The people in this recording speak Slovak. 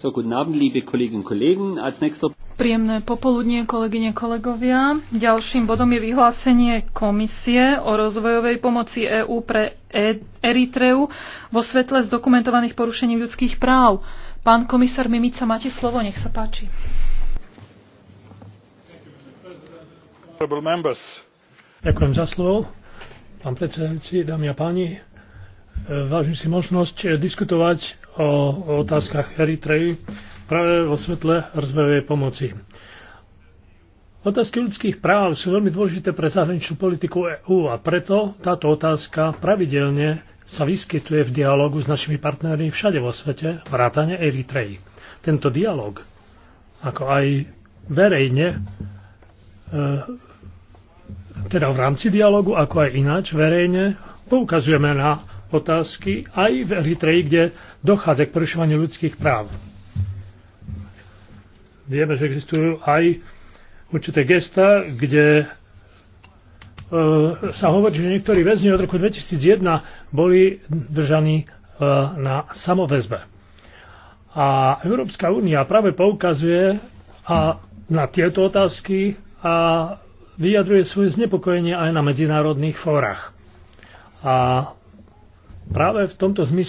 So, guten Abend, liebe Kolleginnen und Kollegen. Als nächster... Príjemné popoludnie, kolegyne, kolegovia. Ďalším bodom je vyhlásenie komisie o rozvojovej pomoci EÚ pre e- Eritreu vo svetle zdokumentovaných porušení ľudských práv. Pán komisár Mimica, máte slovo, nech sa páči. Ďakujem za slovo. Pán predsedajúci, dámy a páni, Vážim si možnosť eh, diskutovať o, o otázkach Eritreji práve vo svetle rozvojovej pomoci. Otázky ľudských práv sú veľmi dôležité pre zahraničnú politiku EÚ a preto táto otázka pravidelne sa vyskytuje v dialogu s našimi partnermi všade vo svete, vrátane Eritreji. Tento dialog, ako aj verejne, eh, teda v rámci dialogu, ako aj ináč verejne, poukazujeme na otázky aj v Eritreji, kde dochádza k porušovaniu ľudských práv. Vieme, že existujú aj určité gesta, kde e, sa hovorí, že niektorí väzni od roku 2001 boli držaní e, na samovezbe. A Európska únia práve poukazuje a na tieto otázky a vyjadruje svoje znepokojenie aj na medzinárodných fórach. A Práve v tomto zmysle